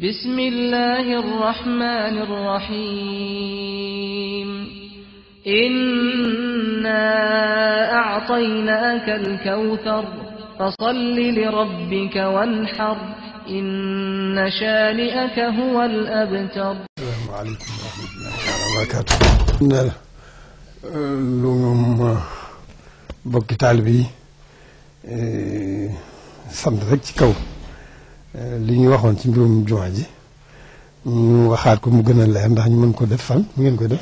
بسم الله الرحمن الرحيم إنا أعطيناك الكوثر فصل لربك وانحر إن شانئك هو الأبتر السلام عليكم ورحمة الله وبركاته lu ñoom bokki taalibe yi sant rek ci kaw li ñu waxoon ci mbirum jumaa ji ñu waxaat ko mu gën a leer ndax ñu mën ko def fan mu ngeen ko def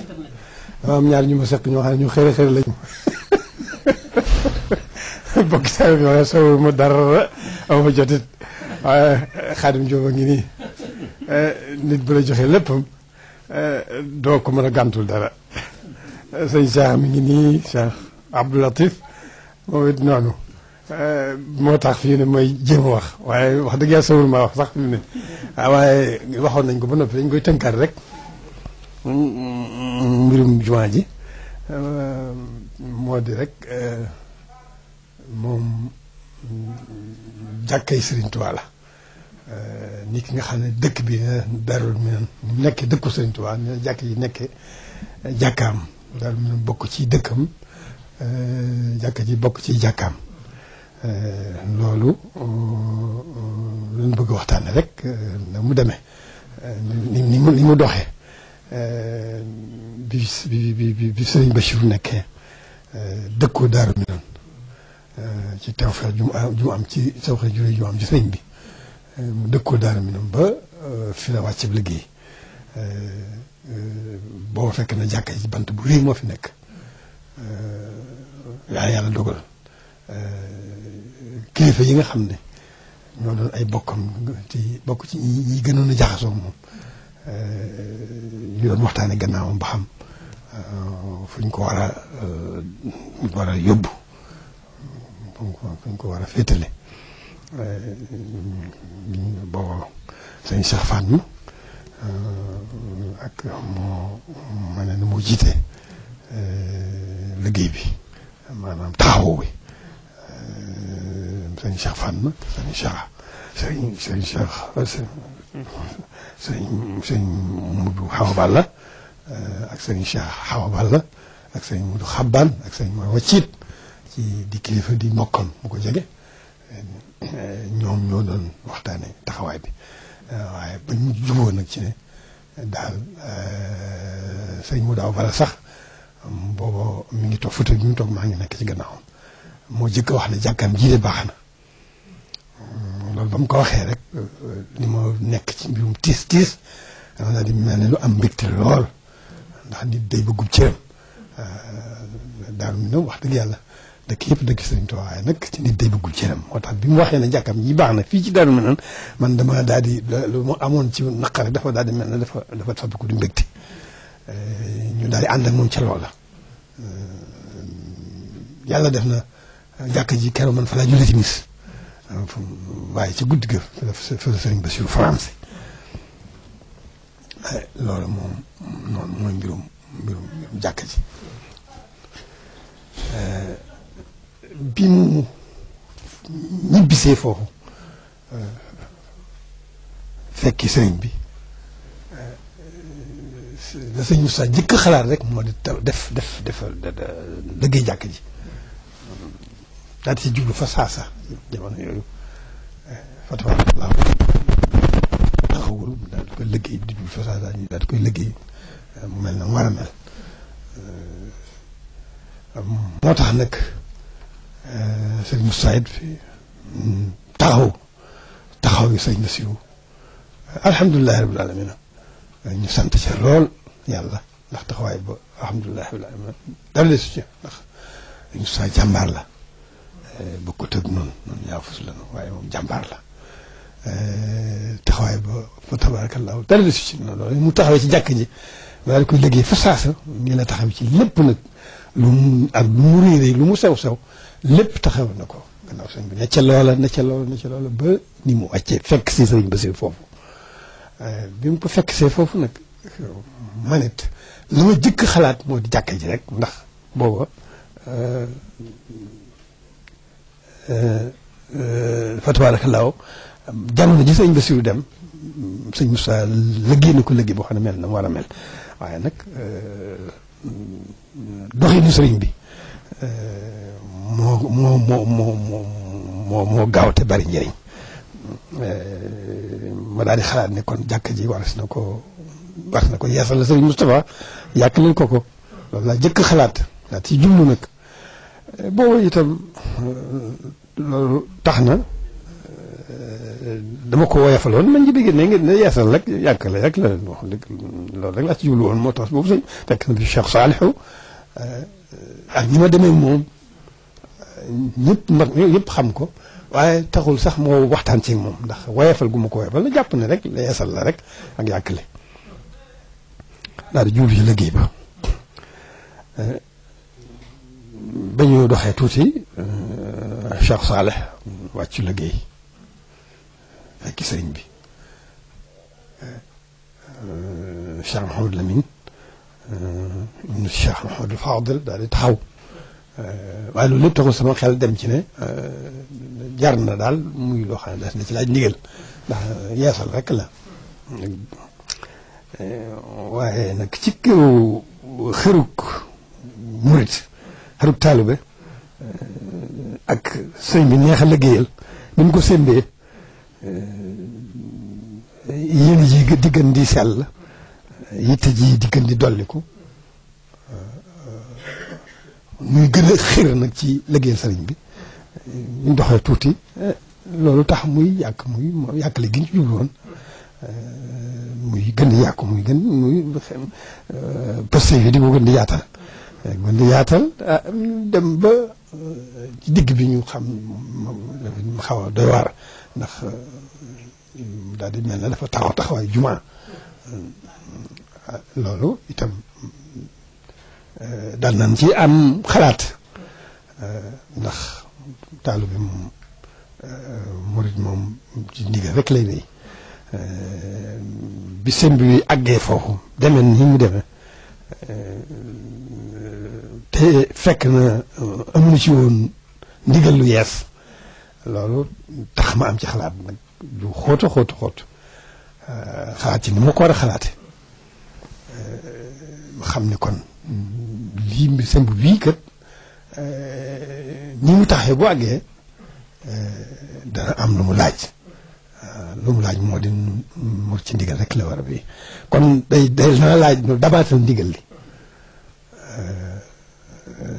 dama am ñaar ñu ma seq ñoo xam ñu xëri xëri lañu bokk saa dara aw jotit waaye xaadim Jóob ngi nii eh, nit bu la joxee léppam eh, doo ko mën a gàntul dara eh, sëñ Cheikh mi ngi nii Cheikh Abdou Latif moom it noonu Euh, moo tax fii ne mooy jéem wax waaye wax dëgg yàlla sawul maa wax sax fi ne ah, waaye waxoon nañ ko ba noppi dañ koy tënkaat rek mbirum jumaa ji euh, moo di rek euh, moom jàkkay Serigne Touba la nit ki nga xam ne dëkk bi ne darul mi ne nekkee dëkku Serigne ne jàkk yi nekkee jàkkaam darul mi bokk ci dëkkam jàkk ji bokk ci jàkkaam Euh, loolu euh, euh, lañ bëgg waxtaane rek na mu demee ni ni mu ni mu doxee bi bi bi bi Serigne Bachir nekkee dëkkoo Daaru Minam ci tawfeex ju am ci tawfeex ci sëriñ bi mu dëkkoo Daaru Minam ba fi la wàcc liggéey boo fekk na jàkka bant bu rëy moo fi nekk yaa yàlla dogal kilifa yi nga xam ne ñoo doon ay bokkam ci bokk ci ñi gënoon a jaxasoo moom ñu doon waxtaane gannaawam ba xam euh, fu ñu ko war a euh, war a yóbbu fu ñu ko euh, ak moo nu moo jiite liggéey bi maanaam taxawu bi sëriñ Cheikh Fatma sëriñ Cheikh sëriñ sëriñ Cheikh sëriñ sëriñ Mudu Xawa eh, Balla ak sëriñ Cheikh Xawa Balla ak sëriñ Mudu Xabbaan ak sëriñ mooy wacciit ci di kilifa di mbokkam mu ko jege ñoom ñoo doon waxtaane taxawaay bi waaye ba ñu nag ci daal eh, sëriñ Mudu Xawa Balla sax booba mi ngi toog fauteuil bi mu toog maa ngi nekk ci gannaawam moo jëkk wax ne jàkkaam ji de baax na loolu ba mu ko waxee rek li ma nekk ci mbirum tiis tiis dama daal ne lu am mbégte lool ndax nit day bëggub cëram euh, daaru mi nag wax dëgg yàlla dëkk yëpp dëkk sëriñ Tuubaa waaye nag ci nit day bëggub cëram moo bi mu waxee ne jàkkam ji baax na fii ci daaru mi nan man dama daal di lu amoon ci naqare dafa daal di mel ne dafa dafa soppiku di mbégte euh, ñu daal di ànd ak moom ca loola euh, yàlla def na jàkk ji keroo man fa laa timis waaye ci guddi ga fa la sëriñ Bassirou France eh, loolu moom noonu mooy mbirum mbirum mbirum jàkka ji eh, bi mu ñibbisee foofu eh, fekki sëriñ bi la sëriñ Moussa jëkk xalaat rek moo di def def def dëggee jàkka ji daal di si jublu fa saasa jamono yooyu fa tabarakallah taxawul daal di koy liggéey di jublu fa saasa ñu daal ko koy liggéey eh, mu mel na mu mel eh, moo tax nag eh, sëñ Moussa it fi mm, taxaw taxaw yi sëñ Bassirou alhamdulilahi rabil alamina ñu sant ci lool yàlla ndax taxawaay ba alhamdulilahi rabil alamina dara desu ci ndax ñu saa jàmbaar Eh, bokkut ak noonu noonu yaafus la waaye moom jàmbaar la eh, taxawaay ba fa tabarakallahu dara desu ci noonu loolu mu taxawee ci jàkk ji daal koy liggéey fa saasa nii la taxaw ci lépp nag lu mu ak lu mu sew sew lépp taxaw na ko gannaaw sëñ bi ne ca loola ne ca loola ne ba ni mu wàccee fekk si sëriñ Basiir foofu eh, bi mu ko fekk see foofu nag manit la ma jëkk xalaat moo di jàkk ji rek ndax booba fa tabaarakallaahu jamono ji sëñ Basiru dem sëñ Moussa lëggee na ko lëggee boo xam ne mel na mu war a mel waaye nag euh, doxinu sëriñ bi euh, moo moo moo moo moo moo gaaw te bari njëriñ euh, ma daal xalaat ne kon jàkk ji waras na ko waras na ko yeesal la sëriñ Moustapha yàq nañ ko ko jëkk xalaat laa ci jublu nag boobu itam loolu tax na euh, dama ko woyafaloon man ci dégg ne ngeen ne yeesal rek yàkkale rek la leen wax loolu rek laa ci jublu woon moo tax boobu sax fekk na bi Cheikh Salihu euh, ak ñi ma demee moom euh, ñëpp mag ñëpp xam ko waaye taxul sax moo waxtaan ci moom ndax woyafal gu ma ko woyafal la jàpp ne rek la yeesal la rek a yàkkale daal di jublu ci liggéey ba ba ñu doxee tuuti Cheikh Saleh wàccu liggéey fekki sëriñ bi euh, Cheikh Mahamadou Lamine euh, ibnu Cheikh Mahamadou Fadil daal di taxaw euh, waaye loolu lépp taxul sama xel dem ci ne jar na daal muy loo xam ne des na ci laaj ndigal ndax yeesal rek la waaye nag ci këru xëruk murit xëruk taalibe ak sëñ bi neex a liggéeyal ni mu ko sémbee eh, yéen ji di gën di sell yitte ji di di dolliku muy eh, eh, gën a xir nag ci liggéeyal sëriñ bi ñu doxee tuuti loolu tax muy yàq muy yàqale gi ñu ci jublu muy gën di yàqu muy gën muy pëste di ko gën di yaatal gën di yaatal dem ba ci digg bi ñu xam moom xaw a doy waar ndax euh, daal di mel ne dafa taxaw taxawaay jumaa euh, loolu itam euh, dal nañ ci am xalaat ndax taalu bi moom murit moom ci ndigal rek lay nay bi sëmb bi àggee foofu demee ni mu demee te fekk na uh, amuñu ci woon ndigal lu yees loolu tax ma am ci xalaat nag du xóotu xóotu xóotu uh, xalaat ci ni ma ko war a xalaate uh, ma xam ni kon lii mbir sëmb bii kat ni mu taxee bu àggee dana am lu mu laaj lu mu laaj moo di mu ci ndigal rek la war a bi kon day day dana laaj nu dabaatal ndigal li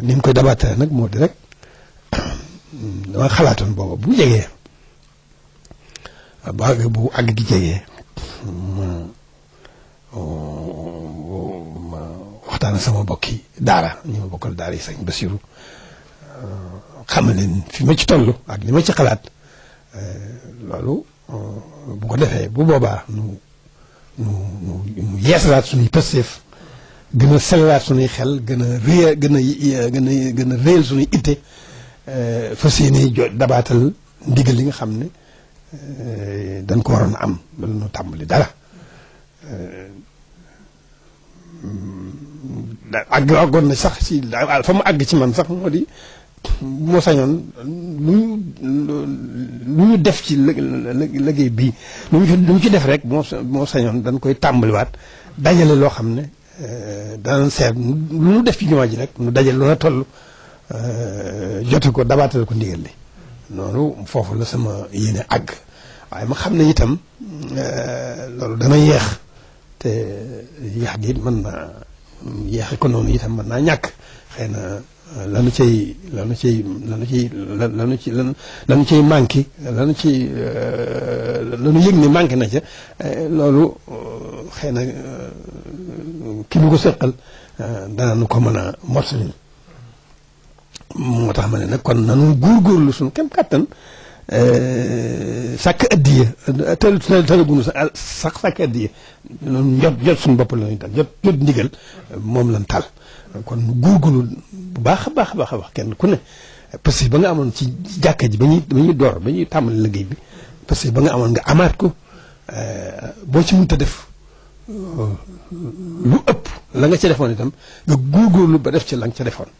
ni ko koy dabaatale nag moo di rek dama xalaatoon booba bu jege bu àgg bu gi jegee ma ma waxtaan sama mbokki daara ñu ma bokkal daara yi sëñ Basiru euh, xamal leen fi ma ci toll ak li ma ci xalaat euh, loolu euh, bu ko defee bu boobaa nu nu nu yeesalaat suñuy pësteef gën a selwaat suñuy xel gën a réer gën a gën a gën a réer suñuy itte euh, fas yéene jo dabaatal ndigal li nga xam ne euh, dañ ko waroon am bala ñu tàmbali dara euh, àgg àggoon na sax si fa mu àgg ci man sax moo di moo sañoon lu lu ñu def ci liggéey bii lu ñu lu ñu ci def rek moo moo sañoon dañ koy tàmbaliwaat dajale loo xam ne Euh, danañ seet lu nu def ci jumaa ji rek nu daje lu na toll euh, jote ko dabaatal ko ndigal li noonu foofu la sama yéene àgg waaye ma xam ne itam euh, loolu dana yeex te yeex gi it mën naa yeexe ko noonu itam man naa ñàkk xëy na lanu cay lanu cay lanu ciy lanu ci lan lanu manqué lanu ci lanu yëg ni manqué na ca loolu xëy na ki ñu ko seqal euh, danañ ko mën a morsali tax ma ne nag kon nanu góorgóorlu suñu kem kàttan euh, sàkk addiya teel teelagunu sax sàkk addiya noonu jot jot suñu bopp la ñuy tal jot jot ndigal moom lañ tal kon góorgóorlu bu baax a baax baax a wax kenn ku ne parce ba nga amoon ci jàkka ji ba ñuy ba door ba ñuy tàmbali liggéey bi parce que ba nga amoon nga amaat ko euh, boo ci mënta def lu ëpp la nga ca defoon itam nga góorgóorlu ba def ci la nga ca defoon